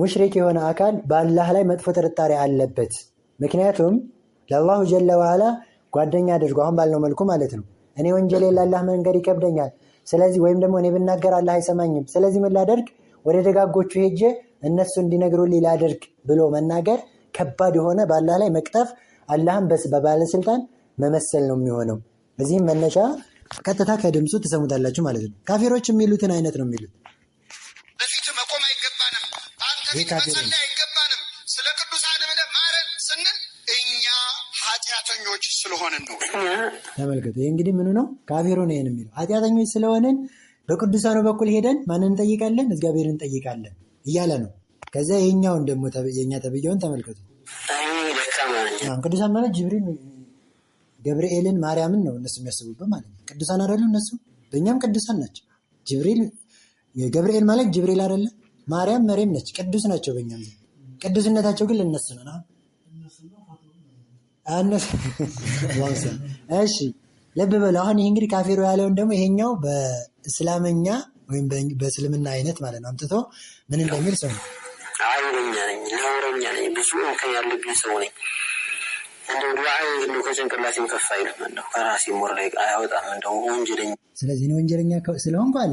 ሙሽሪክ የሆነ አካል በአላህ ላይ መጥፎ ጥርጣሬ አለበት። ምክንያቱም ለአላሁ ጀለ ዋላ ጓደኛ አድርጎ አሁን ባልነው መልኩ ማለት ነው። እኔ ወንጀሌ ለአላህ መንገድ ይከብደኛል። ስለዚህ ወይም ደግሞ እኔ ብናገር አላህ አይሰማኝም። ስለዚህ ምን ላደርግ? ወደ ደጋጎቹ ሄጄ እነሱ እንዲነግሩልኝ ላደርግ ብሎ መናገር ከባድ የሆነ በአላህ ላይ መቅጠፍ፣ አላህን በባለስልጣን መመሰል ነው የሚሆነው። እዚህም መነሻ ቀጥታ ከድምፁ ትሰሙታላችሁ ማለት ነው። ካፊሮች የሚሉትን አይነት ነው የሚሉት መጸለይ አይገባንም። ስለ ቅዱሳን ብለህ ማረን ስንል እኛ ኃጢአተኞች ስለሆንን ነው። ተመልከቱ። ይህ እንግዲህ ምኑ ነው? ካፌሮ ነው ይህን የሚለው ኃጢአተኞች ስለሆንን በቅዱሳኑ በኩል ሄደን ማንን እንጠይቃለን? እግዚአብሔርን እንጠይቃለን እያለ ነው። ከዚያ ይህኛውን ደግሞ የኛ ተብያውን ተመልከቱ። ቅዱሳን ማለት ጅብሪል፣ ገብርኤልን፣ ማርያምን ነው እነሱ የሚያስቡበት ማለት ነው። ቅዱሳን አይደሉ እነሱ፣ በእኛም ቅዱሳን ናቸው። ጅብሪል ገብርኤል ማለት ጅብሪል አይደለም ማርያም መሬም ነች። ቅዱስ ናቸው። በእኛ ቅዱስነታቸው ግን ልነሱ ነው። እሺ ልብ በሉ። አሁን ይህ እንግዲህ ካፌሩ ያለውን ደግሞ ይሄኛው በእስላምኛ ወይም በእስልምና አይነት ማለት ነው አምጥቶ ምን እንደሚል ሰው ነው። አይለኛ ነኝ፣ ነውረኛ ነኝ፣ ብዙ እንከን ያለብኝ ሰው ነኝ። እንደው ዱዓዬ እንደው ከጭንቅላቴም ከፍ አይልም፣ እንደው ከራሴ ሞር ላይ አይወጣም። እንደው ወንጀለኛ ስለዚህ ነው ወንጀለኛ ስለሆንኩ አለ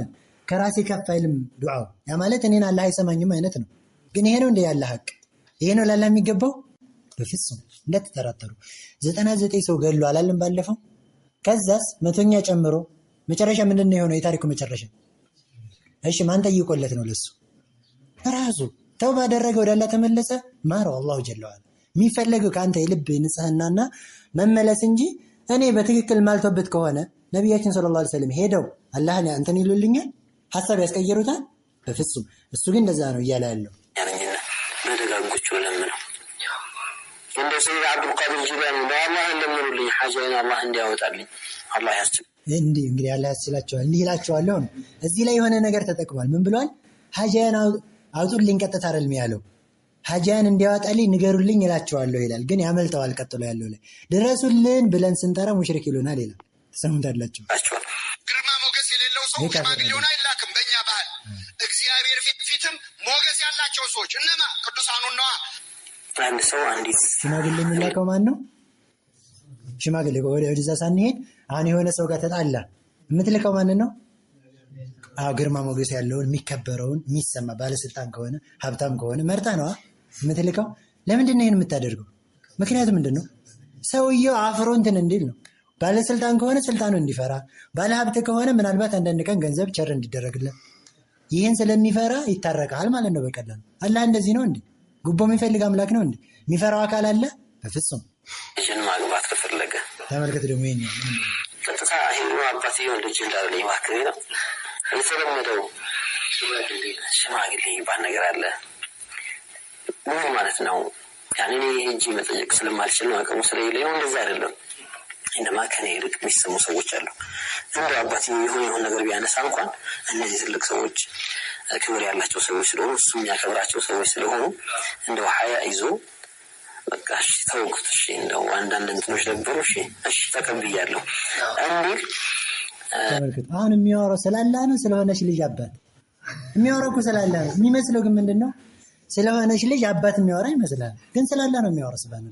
ከራሴ ከፍ አይልም ዱዓው። ያ ማለት እኔን አላህ አይሰማኝም አይነት ነው። ግን ይሄ ነው እንደ ያለ ሀቅ ይሄ ነው ላላ የሚገባው በፍጹም እንደተጠራጠሩ። ዘጠና ዘጠኝ ሰው ገሉ አላልም ባለፈው። ከዛስ መቶኛ ጨምሮ መጨረሻ ምንድን ነው የሆነው? የታሪኩ መጨረሻ እሺ፣ ማን ጠይቆለት ነው? ለሱ ራሱ ተው ባደረገ ወደ አላህ ተመለሰ፣ ማረው አላሁ ጀለዋል። የሚፈለገው ከአንተ የልብ ንጽህናና መመለስ እንጂ እኔ በትክክል ማልቶበት ከሆነ ነቢያችን ሰለላሁ ዐለይሂ ወሰለም ሄደው አላህን አንተን ይሉልኛል ሀሳብ ያስቀየሩታል? በፍጹም። እሱ ግን እንደዛ ነው እያለ ያለው በደጋጎቹ ለምነው እንደ ሰይድ አብዱልቃድር ጂላኒ በአላህ ለምኑልኝ ሓጃይን አላህ እንዲያወጣልኝ አላህ ያስችል እንዲህ እንግዲህ አላህ ያስችላቸዋል። እንዲህ ይላቸዋለሁ ነው። እዚህ ላይ የሆነ ነገር ተጠቅሟል። ምን ብሏል? ሀጃያን አውጡልኝ ቀጥታ አይደለም ያለው። ሀጃያን እንዲያወጣልኝ ንገሩልኝ ይላቸዋለሁ ይላል። ግን ያመልጠዋል። ቀጥሎ ያለው ላይ ድረሱልን ብለን ስንጠራ ሙሽሪክ ይሉናል ይላል። ተሰሙታላቸው ግርማ ሞገስ የሌለው ሰው ሽማግሌ ሆና የምንላቸው ሰዎች እነማ ቅዱሳኑና አንድ ሰው አንዲት ሽማግሌ የሚላቀው ማን ነው? ሽማግሌ ወደዛ ሳንሄድ አሁን የሆነ ሰው ጋር ተጣላ የምትልከው ማን ነው? አዎ ግርማ ሞገስ ያለውን የሚከበረውን የሚሰማ ባለስልጣን ከሆነ ሀብታም ከሆነ መርጣ ነዋ የምትልከው። ለምንድን ነው ይህን የምታደርገው? ምክንያቱ ምንድን ነው? ሰውየው አፍሮ እንትን እንዲል ነው። ባለስልጣን ከሆነ ስልጣኑ እንዲፈራ፣ ባለሀብት ከሆነ ምናልባት አንዳንድ ቀን ገንዘብ ቸር እንዲደረግለን ይህን ስለሚፈራ ይታረቃል ማለት ነው በቀላሉ። አላህ እንደዚህ ነው እንዴ? ጉቦ የሚፈልግ አምላክ ነው እንዴ? የሚፈራው አካል አለ? በፍጹም። ልጅን ማግባት ከፈለገ ተመልከት፣ ደግሞ ይሄ ቀጥታ ሄዶ አባትየው ልጅ እንዳለ ይማክሬ ነው የተለመደው። ሽማግሌ ይባል ነገር አለ ምን ማለት ነው? ያንን ይሄ እጅ መጠየቅ ስለማልችል ነው አቅሙ ስለሌለኝ ነው። እንደዛ አይደለም እንደማ ከኔ ይልቅ የሚሰሙ ሰዎች አሉ። እንደ አባት የሆነ የሆን ነገር ቢያነሳ እንኳን እነዚህ ትልቅ ሰዎች ክብር ያላቸው ሰዎች ስለሆኑ እሱ የሚያከብራቸው ሰዎች ስለሆኑ እንደው ሀያ ይዞ በቃ እሺ ተውኩት፣ እሺ እንደው አንዳንድ እንትኖች ነበሩ፣ እሺ እሺ ተቀብያለሁ እንዲህ አሁን የሚያወራው ስላላ ነው ስለሆነች ልጅ አባት የሚያወራው እኮ ስላላ ነው የሚመስለው። ግን ምንድን ነው ስለሆነች ልጅ አባት የሚያወራ ይመስላል፣ ግን ስላላ ነው የሚያወራ። ስባነ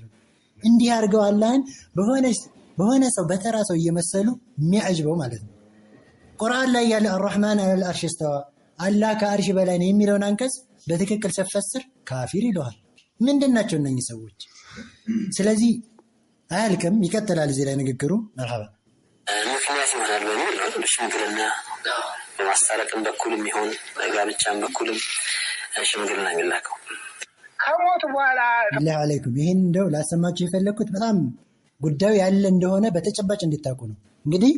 እንዲህ አድርገው አላህን በሆነች በሆነ ሰው በተራ ሰው እየመሰሉ የሚያጅበው ማለት ነው። ቁርአን ላይ ያለ አራህማን አለል አርሽ ስተዋ አላ ከአርሽ በላይ ነው የሚለውን አንቀጽ በትክክል ሰፈስር ካፊር ይለዋል። ምንድን ናቸው እነኚህ ሰዎች? ስለዚህ አያልቅም፣ ይቀጥላል። እዚህ ላይ ንግግሩ መርሐባ ምክንያት ይሆናል በሚል ሽምግልና በማስታረቅም በኩልም ይሆን ጋብቻም በኩልም ሽምግልና የሚላከው ከሞቱ በኋላ አለይኩም ይህን እንደው ላሰማችሁ የፈለግኩት በጣም ጉዳዩ ያለ እንደሆነ በተጨባጭ እንድታውቁ ነው። እንግዲህ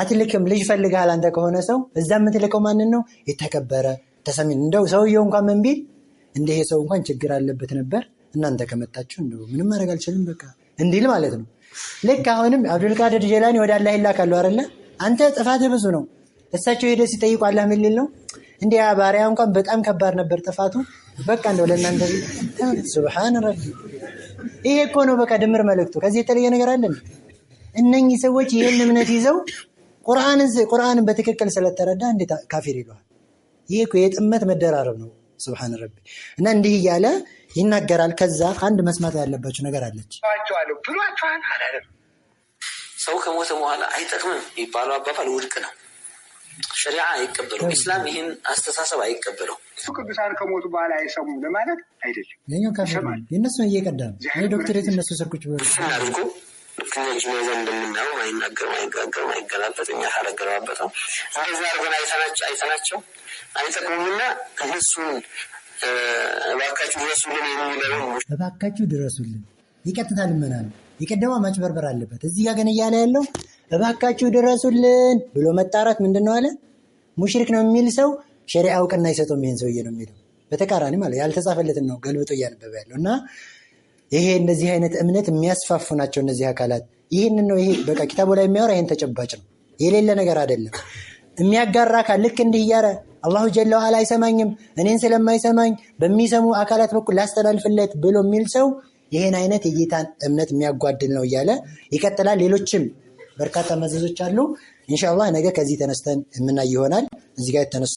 አትልክም፣ ልጅ ፈልግሃል አንተ ከሆነ ሰው እዛ የምትልከው ማንን ነው? የተከበረ ተሰሚ እንደው ሰውየው እንኳን ምን ቢል እንደ እንኳን ችግር አለበት ነበር እናንተ ከመጣችሁ እንደው ምንም ማድረግ አልችልም በቃ እንዲል ማለት ነው። ልክ አሁንም አብዱልቃድር ጀላኒ ወደ አላህ ይላካሉ አይደለ? አንተ ጥፋት ብዙ ነው። እሳቸው ሄደ ሲጠይቁ አላህ ምን ሊል ነው? እንደ ባሪያ እንኳን በጣም ከባድ ነበር ጥፋቱ፣ በቃ እንደው ለእናንተ ሱብሃን ረቢ ይሄ እኮ ነው በቃ ድምር መልእክቱ። ከዚህ የተለየ ነገር አለን? እነኚህ ሰዎች ይህን እምነት ይዘው ቁርአንን በትክክል ስለተረዳ እንዴት ካፊር ይለዋል? ይሄ እኮ የጥመት መደራረብ ነው። ስብሓን ረቢ እና እንዲህ እያለ ይናገራል። ከዛ አንድ መስማት ያለባቸው ነገር አለች። ሰው ከሞተ በኋላ አይጠቅምም የሚባለው አባባል ውድቅ ነው። ሸሪዓ አይቀበለው፣ ኢስላም ይህን አስተሳሰብ አይቀበለው። እሱ ቅዱሳን ከሞቱ በኋላ አይሰሙም ለማለት አይደለም። ይኛው ካፌል የእነሱ እየቀዳ ነው። ዶክትሬት እነሱ ሰርኩች ስናድርጉ ከጅኔዘ እንደምናየው አይናገርም፣ አይጋገርም፣ አይገላበጥ እኛ አላገላበጠም። እንደዛ አርገን አይተናቸው አይጠቅሙምና እነሱን እባካችሁ ድረሱልን የሚለው እባካችሁ ድረሱልን ይቀጥታ ልመና ነው። የቀደማ ማጭበርበር አለበት። እዚህ ጋር ግን እያለ ያለው እባካችሁ ድረሱልን ብሎ መጣራት ምንድን ነው አለ ሙሽሪክ ነው የሚል ሰው ሸሪ እውቅና አይሰጠውም። ይሄን ሰውዬ ነው የሚለው በተቃራኒ ማለት ያልተጻፈለትን ነው ገልብጦ እያነበበ ያለው እና ይሄ እንደዚህ አይነት እምነት የሚያስፋፉ ናቸው እነዚህ አካላት። ይህን ነው ይሄ በቃ ኪታቡ ላይ የሚያወራ ይህን ተጨባጭ ነው የሌለ ነገር አይደለም። የሚያጋራ አካል ልክ እንዲህ እያረ አላሁ ጀለ ዋላ አይሰማኝም እኔን ስለማይሰማኝ በሚሰሙ አካላት በኩል ላስተላልፍለት ብሎ የሚል ሰው ይህን አይነት የጌታን እምነት የሚያጓድል ነው እያለ ይቀጥላል። ሌሎችም በርካታ መዘዞች አሉ። ኢንሻላህ ነገ ከዚህ ተነስተን የምናይ ይሆናል። እዚህ ጋር የተነሱ